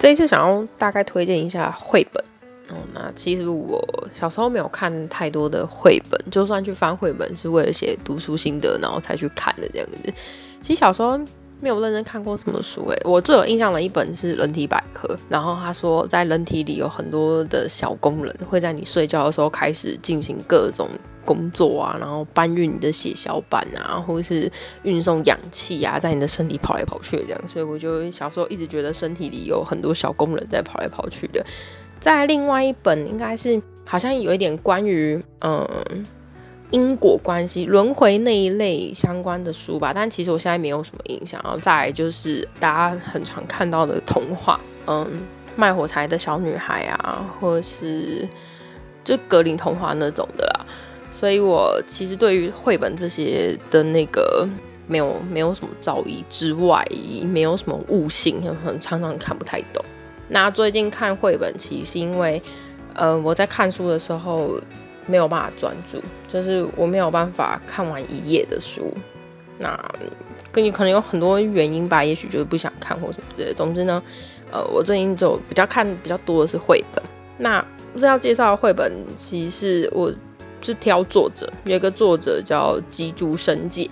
這一次想要大概推薦一下繪本。哦，那其實我小時候沒有看太多的繪本，就算去翻繪本是為了寫讀書心得，然後才去看的這樣子。其實小時候沒有認真看過什麼書，哎，我最有印象的一本是《人體百科》，然後他說在人體裡有很多的小功能，會在你睡覺的時候開始進行各種。工作啊，然後搬運你的血小板啊，或者是運送氧氣啊，在你的身體跑來跑去這樣，所以我就小時候一直覺得身體裡有很多小工人在跑來跑去的。在另外一本，應該是好像有一點關於嗯因果關係、輪迴那一類相關的書吧，但其實我現在沒有什麼印象。然後再來就是大家很常看到的童話，嗯，賣火柴的小女孩啊，或者是就格林童話那種的。所以我其實對於繪本這些的那個沒有沒有什麼造詣之外，沒有什麼悟性，很常常看不太懂。那最近看繪本其實是因為，呃，我在看書的時候沒有辦法專注，就是我沒有辦法看完一頁的書。那跟你可能有很多原因吧，也許就是不想看或什麼之類。總之呢，呃，我最近就比較看比較多的是繪本。那這要介紹的繪本，其實我。是挑作者，有一個作者叫吉竹伸介。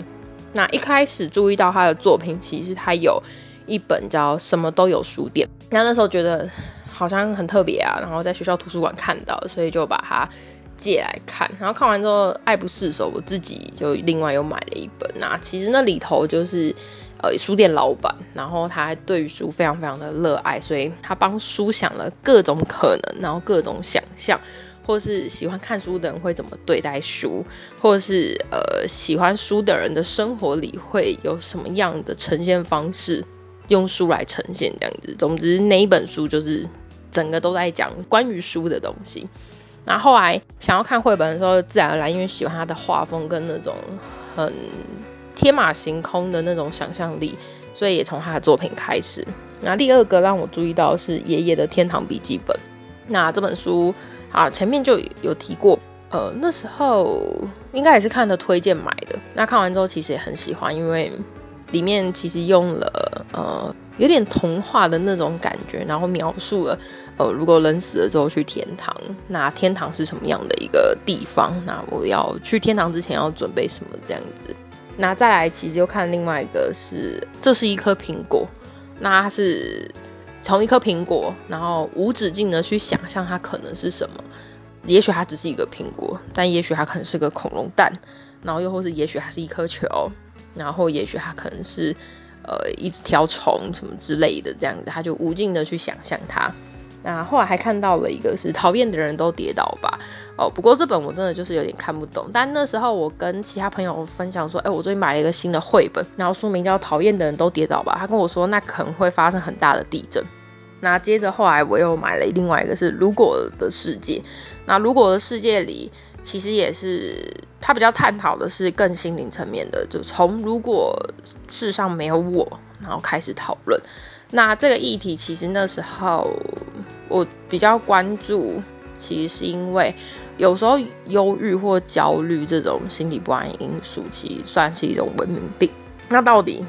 那一開始注意到他的作品，其實他有一本叫《什麼都有書店》。那那時候覺得好像很特別啊，然後在學校圖書館看到，所以就把它借來看。然後看完之後愛不釋手，我自己就另外又買了一本。那其實那裡頭就是呃，書店老闆，然後他對於書非常非常的熱愛，所以他幫書想了各種可能，然後各種想象。或是喜歡看書的人會怎麼對待書，或是呃喜歡書的人的生活裡會有什麼樣的呈現方式，用書來呈現這樣子。總之，那一本書就是整個都在講關於書的東西。那後來想要看繪本的時候，自然而然因為喜歡他的畫風跟那種很天馬行空的那種想象力，所以也從他的作品開始。那第二個讓我注意到是爺爺的天堂筆記本。那這本書啊，前面就有提過，呃，那時候應該也是看的推薦買的。那看完之後其實也很喜歡，因為裡面其實用了呃有點童話的那種感覺，然後描述了呃如果人死了之後去天堂，那天堂是什麼樣的一個地方？那我要去天堂之前要準備什麼這樣子？那再來其實又看另外一個是這是一顆蘋果，那它是。從一顆蘋果，然後無止境的去想象它可能是什麼，也許它只是一個蘋果，但也許它可能是個恐龍蛋，然後又或是也許它是一顆球，然後也許它可能是呃一條蟲什麼之類的，這樣子他就無盡的去想象它。那後來還看到了一個是討厭的人都跌倒吧，哦，不過這本我真的就是有點看不懂。但那時候我跟其他朋友分享說，哎，我最近買了一個新的繪本，然後書名叫《討厭的人都跌倒吧》，他跟我說那可能會發生很大的地震。那接着後來我又買了另外一個是《如果的世界》，那《如果的世界》裡其實也是他比較探討的是更心靈層面的，就從如果世上沒有我，然後開始討論。那這個議題其實那時候。我比較關注，其實是因為有時候憂鬱或焦慮這種心理不安因素，其實算是一種文明病。那到底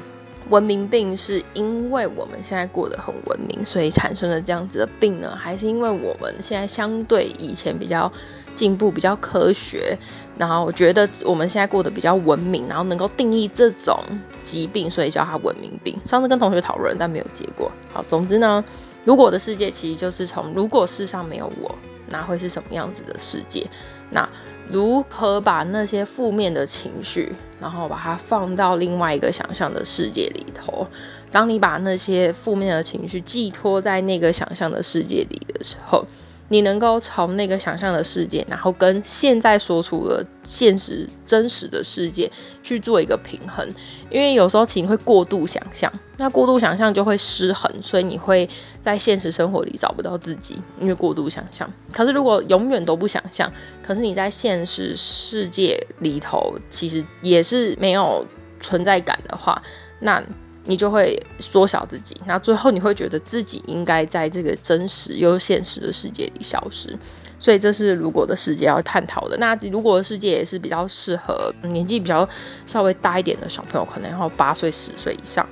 文明病是因為我們現在過得很文明，所以產生了這樣子的病呢？還是因為我們現在相對以前比較進步、比較科學，然後覺得我們現在過得比較文明，然後能夠定義這種疾病，所以叫它文明病。上次跟同學討論，但沒有結果。好，總之呢。《如果的世界》其實就是從如果世上沒有我，那會是什麼樣子的世界？那如何把那些負面的情緒，然後把它放到另外一個想象的世界裡頭？當你把那些負面的情緒寄託在那個想象的世界裡的時候。你能夠從那個想象的世界，然後跟現在所處的現實真實的世界去做一個平衡，因為有時候其實會過度想象，那過度想象就會失衡，所以你會在現實生活裡找不到自己，因為過度想象。可是如果永遠都不想象，可是你在現實世界裡頭其實也是沒有存在感的話，那。你就會縮小自己，然後最後你會覺得自己應該在這個真實又現實的世界裡消失，所以這是《如果的世界》要探討的。那《如果的世界》也是比較適合年紀比較稍微大一點的小朋友，可能要八歲十歲以上。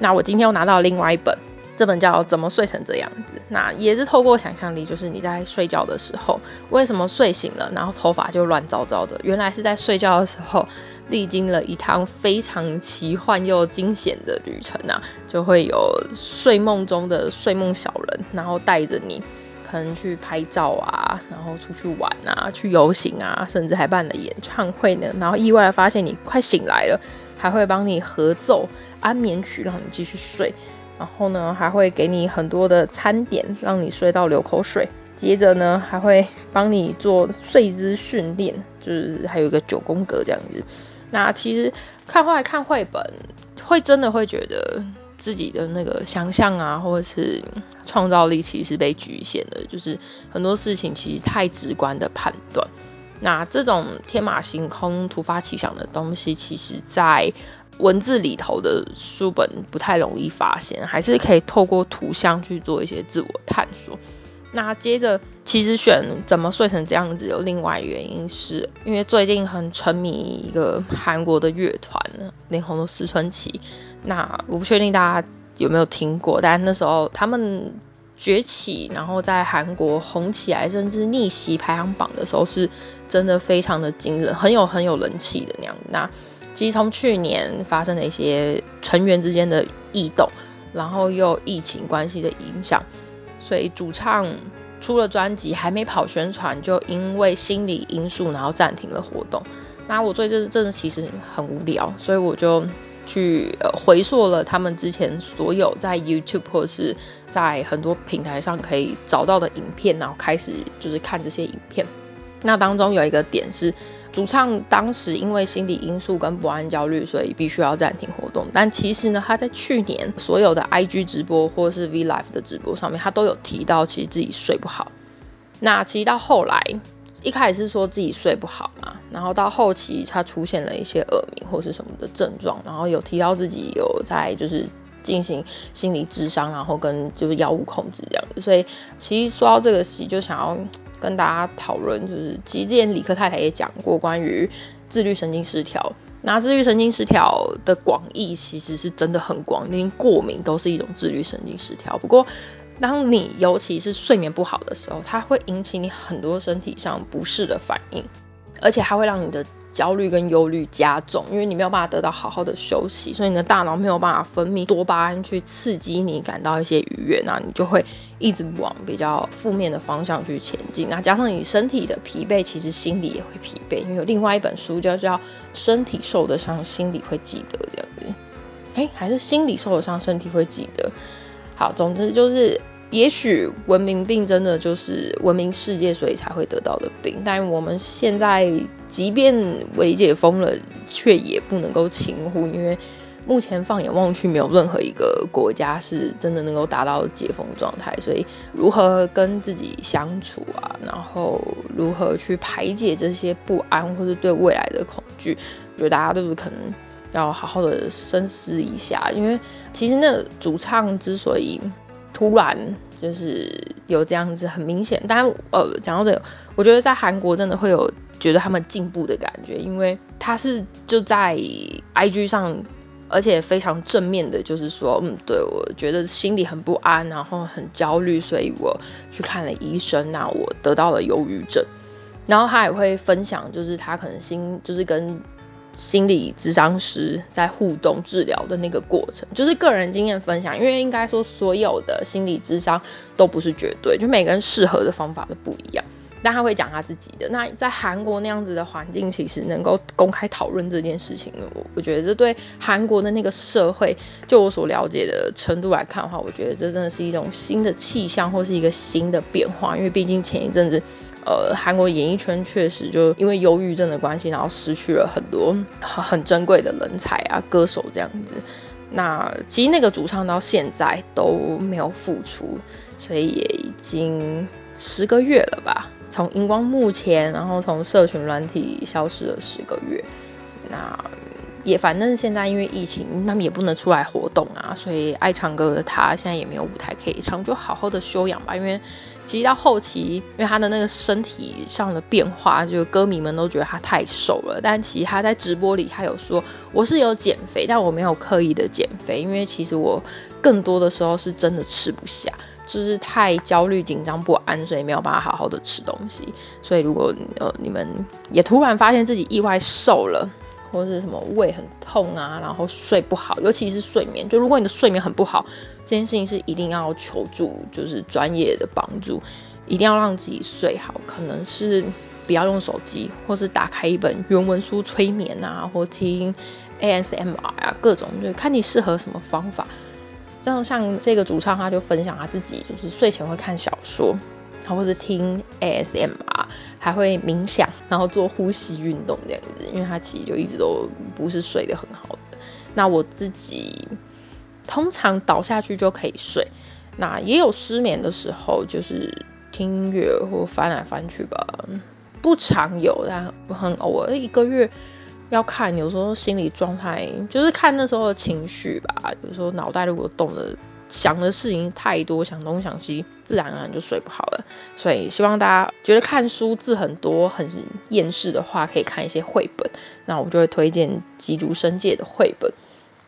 那我今天又拿到另外一本，這本叫《怎麼睡成這樣子》，那也是透過想象力，就是你在睡覺的時候，為什麼睡醒了然後頭髮就亂糟糟的？原來是在睡覺的時候。歷經了一趟非常奇幻又驚險的旅程啊，就會有睡夢中的睡夢小人，然後帶着你可能去拍照啊，然後出去玩啊，去遊行啊，甚至還辦了演唱會呢。然後意外的發現你快醒來了，還會幫你合奏安眠曲讓你繼續睡。然後呢，還會給你很多的餐點讓你睡到流口水。接着呢，還會幫你做睡姿訓練，就是還有一個九宮格這樣子。那其實看畫、看繪本，會真的會覺得自己的那個想象啊，或者是創造力，其實被局限了。就是很多事情其實太直觀的判斷，那這種天馬行空、突發奇想的東西，其實，在文字裡頭的書本不太容易發現，還是可以透過圖像去做一些自我探索。那接着，其實選怎麼睡成這樣子，有另外原因是，是因為最近很沉迷一個韓國的樂團，臉紅的思春期。那我不確定大家有沒有聽過，但那時候他們崛起，然後在韓國紅起來，甚至逆襲排行榜的時候，是真的非常的驚人，很有很有人氣的那樣子。那其實從去年發生的一些成員之間的異動，然後又疫情關係的影響。所以主唱出了專輯還沒跑宣傳，就因為心理因素然後暫停了活動。那我最近真的其實很無聊，所以我就去回溯了他們之前所有在 YouTube 或是，在很多平台上可以找到的影片，然後開始就是看這些影片。那當中有一個點是。主唱當時因為心理因素跟不安焦慮，所以必須要暫停活動。但其實呢，他在去年所有的 IG 直播或是 V Live 的直播上面，他都有提到其實自己睡不好。那其實到後來，一開始是說自己睡不好嘛，然後到後期他出現了一些耳鳴或是什麼的症狀，然後有提到自己有在就是進行心理諮商，然後跟就是藥物控制這樣子。所以其實說到這個事，就想要。跟大家討論，就是其實之前理科太太也講過關於自律神經失調。那自律神經失調的廣義其實是真的很廣，連過敏都是一種自律神經失調。不過，當你尤其是睡眠不好的時候，它會引起你很多身體上不適的反應，而且它會讓你的。焦慮跟憂慮加重，因為你沒有辦法得到好好的休息，所以你的大腦沒有辦法分泌多巴胺去刺激你感到一些愉悅、啊，那你就會一直往比較負面的方向去前進。那加上你身體的疲憊，其實心理也會疲憊。因為有另外一本書叫叫“身體受的傷，心理會記得”這樣子，哎、欸，還是“心理受的傷，身體會記得”。好，總之就是。也許文明病真的就是文明世界所以才會得到的病，但我們現在即便未解封了，卻也不能夠輕忽，因為目前放眼望去，沒有任何一個國家是真的能夠達到解封狀態。所以，如何跟自己相處啊，然後如何去排解這些不安或者對未來的恐懼，我覺得大家都是可能要好好的深思一下。因為其實那主唱之所以突然。就是有這樣子很明顯，但呃，講到這個，我覺得在韓國真的會有覺得他們進步的感覺，因為他是就在 IG 上，而且非常正面的，就是說，嗯，對我覺得心裡很不安，然後很焦慮，所以我去看了醫生啊，那我得到了憂鬱症，然後他也會分享，就是他可能心就是跟。心理諮商師在互動治療的那個過程，就是個人經驗分享。因為應該說，所有的心理諮商都不是絕對，就每個人適合的方法都不一樣。但他會講他自己的。那在韓國那樣子的環境，其實能夠公開討論這件事情，我我覺得這對韓國的那個社會，就我所了解的程度來看的話，我覺得這真的是一種新的氣象，或是一個新的變化。因為畢竟前一陣子。呃，韓國演藝圈確實就因為憂鬱症的關係，然後失去了很多很珍貴的人才啊，歌手這樣子。那其實那個主唱到現在都沒有復出，所以也已經十個月了吧？從熒光幕前，然後從社群軟體消失了十個月。那。也，反正現在因為疫情，他們也不能出來活動啊，所以愛唱歌的他現在也沒有舞台可以唱，就好好的休養吧。因為其實到後期，因為他的那個身體上的變化，就歌迷們都覺得他太瘦了。但其實他在直播裡他有說，我是有減肥，但我沒有刻意的減肥，因為其實我更多的時候是真的吃不下，就是太焦慮、緊張、不安，所以沒有辦法好好的吃東西。所以如果呃你們也突然發現自己意外瘦了，或者什麼胃很痛啊，然後睡不好，尤其是睡眠。就如果你的睡眠很不好，這件事情是一定要求助，就是專業的幫助，一定要讓自己睡好。可能是不要用手機，或是打開一本原文書催眠啊，或聽 ASMR 啊，各種就看你適合什麼方法。然後像像這個主唱，他就分享他自己，就是睡前會看小說。或是聽 ASMR，還會冥想，然後做呼吸運動這樣子，因為他其實就一直都不是睡得很好的。那我自己通常倒下去就可以睡，那也有失眠的時候，就是聽音樂或翻來翻去吧，不常有，但很偶爾。一個月要看，有時候心理狀態就是看那時候的情緒吧，有時候腦袋如果動的。想的事情太多，想東想西，自然而然就睡不好了。所以希望大家覺得看書字很多很厭世的話，可以看一些繪本。那我就會推薦吉竹伸介的繪本，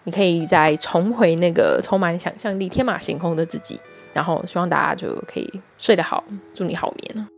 你可以再重回那個充滿想象力、天馬行空的自己。然後希望大家就可以睡得好，祝你好眠。